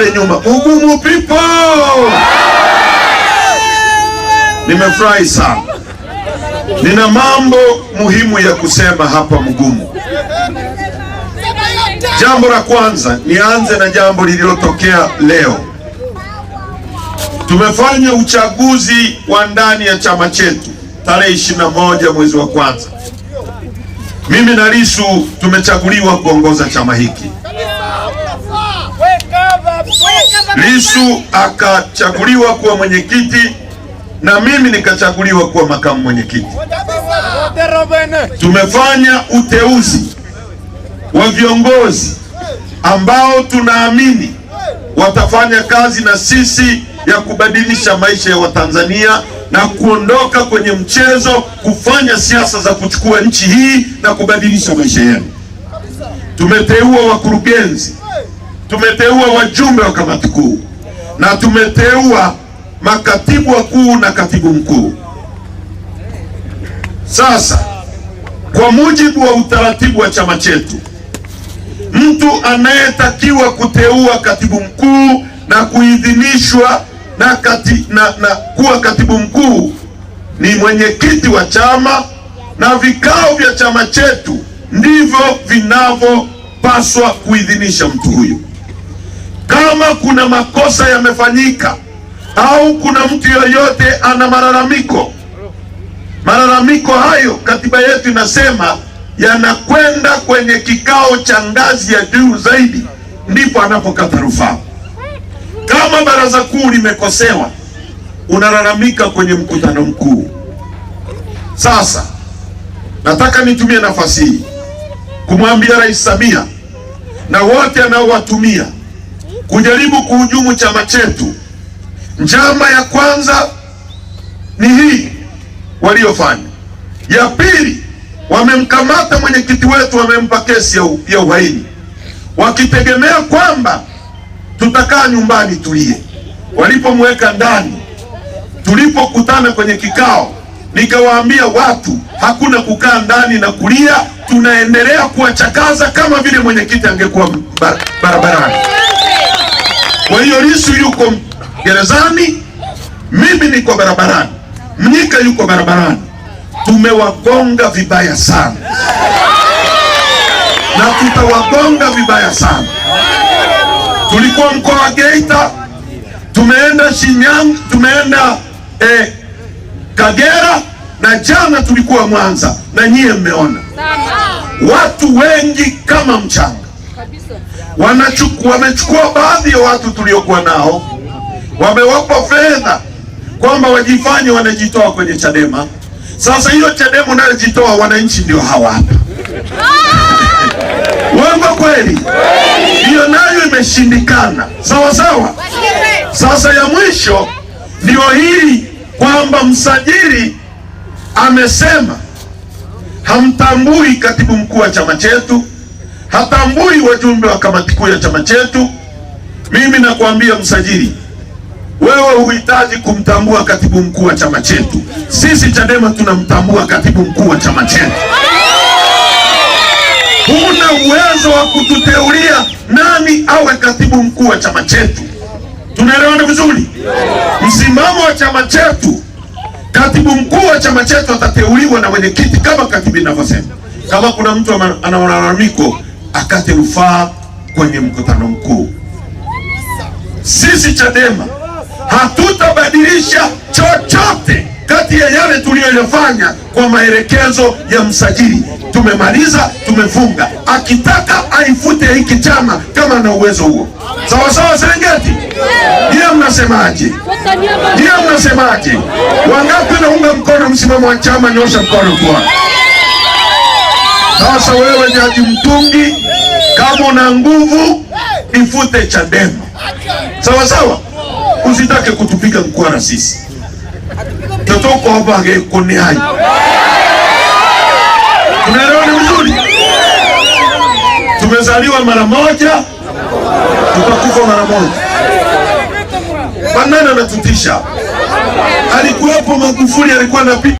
pale nyuma, ugumu people, nimefurahi sana. Nina mambo muhimu ya kusema hapa Mgumu. Jambo la kwanza, nianze na jambo lililotokea leo. Tumefanya uchaguzi wa ndani ya chama chetu tarehe 21 mwezi wa kwanza. Mimi na Lissu tumechaguliwa kuongoza chama hiki. lisu akachaguliwa kuwa mwenyekiti na mimi nikachaguliwa kuwa makamu mwenyekiti. Tumefanya uteuzi wa viongozi ambao tunaamini watafanya kazi na sisi ya kubadilisha maisha ya Watanzania na kuondoka kwenye mchezo kufanya siasa za kuchukua nchi hii na kubadilisha maisha yenu. Tumeteua wakurugenzi tumeteua wajumbe wa kamati kuu na tumeteua makatibu wakuu na katibu mkuu. Sasa kwa mujibu wa utaratibu wa chama chetu, mtu anayetakiwa kuteua katibu mkuu na kuidhinishwa na, kati, na, na kuwa katibu mkuu ni mwenyekiti wa chama na vikao vya chama chetu ndivyo vinavyopaswa kuidhinisha mtu huyo kama kuna makosa yamefanyika au kuna mtu yoyote ana malalamiko, malalamiko hayo katiba yetu inasema yanakwenda kwenye kikao cha ngazi ya juu zaidi, ndipo anapokata rufaa. Kama baraza kuu limekosewa, unalalamika kwenye mkutano mkuu. Sasa nataka nitumie nafasi hii kumwambia Rais Samia na wote anaowatumia kujaribu kuhujumu chama chetu. Njama ya kwanza ni hii waliofanya. Ya pili, wamemkamata mwenyekiti wetu, wamempa kesi ya uhaini wakitegemea kwamba tutakaa nyumbani tulie. Walipomweka ndani, tulipokutana kwenye kikao, nikawaambia watu hakuna kukaa ndani na kulia, tunaendelea kuwachakaza kama vile mwenyekiti angekuwa barabarani. Kwa hiyo Lissu yuko gerezani, mimi niko barabarani, Mnyika yuko barabarani. Tumewagonga vibaya sana na tutawagonga vibaya sana. Tulikuwa mkoa wa Geita, tumeenda Shinyanga, tumeenda eh, Kagera na jana tulikuwa Mwanza na nyiye mmeona watu wengi kama mchanga wamechukua baadhi ya watu tuliokuwa nao, wamewapa fedha kwamba wajifanye wanajitoa kwenye Chadema. Sasa hiyo Chadema unayojitoa wananchi ndio hawa hapa kweli? Hiyo nayo imeshindikana, sawa sawa. Sasa ya mwisho ndio hili kwamba msajili amesema hamtambui katibu mkuu wa chama chetu hatambui wajumbe wa kamati kuu ya chama chetu. Mimi nakwambia msajili, wewe huhitaji kumtambua katibu mkuu wa chama chetu. Sisi Chadema tunamtambua katibu mkuu wa chama chetu. Huna uwezo wa kututeulia nani awe katibu mkuu wa chama chetu. Tunaelewana vizuri? Msimamo wa chama chetu, katibu mkuu wa chama chetu atateuliwa na mwenyekiti kama katibu inavyosema. Kama kuna mtu ana malalamiko akate rufaa kwenye mkutano mkuu. Sisi Chadema hatutabadilisha chochote kati ya yale tuliyoyafanya kwa maelekezo ya msajili. Tumemaliza, tumefunga. Akitaka aifute hiki chama kama ana uwezo huo, sawa sawa. Serengeti ndiye mnasemaje? Ndiye mnasemaje? Wangapi naunga mkono msimamo wa chama? Nyosha mkono kwa sasa wewe Jaji Mtungi, kama una nguvu ifute Chadema, sawa sawa, usitake kutupiga mkwara sisi totokovage kune hai. ni vizuri, tumezaliwa mara moja tukakufa mara moja. Banana anatutisha alikuwepo Magufuli, alikuwa na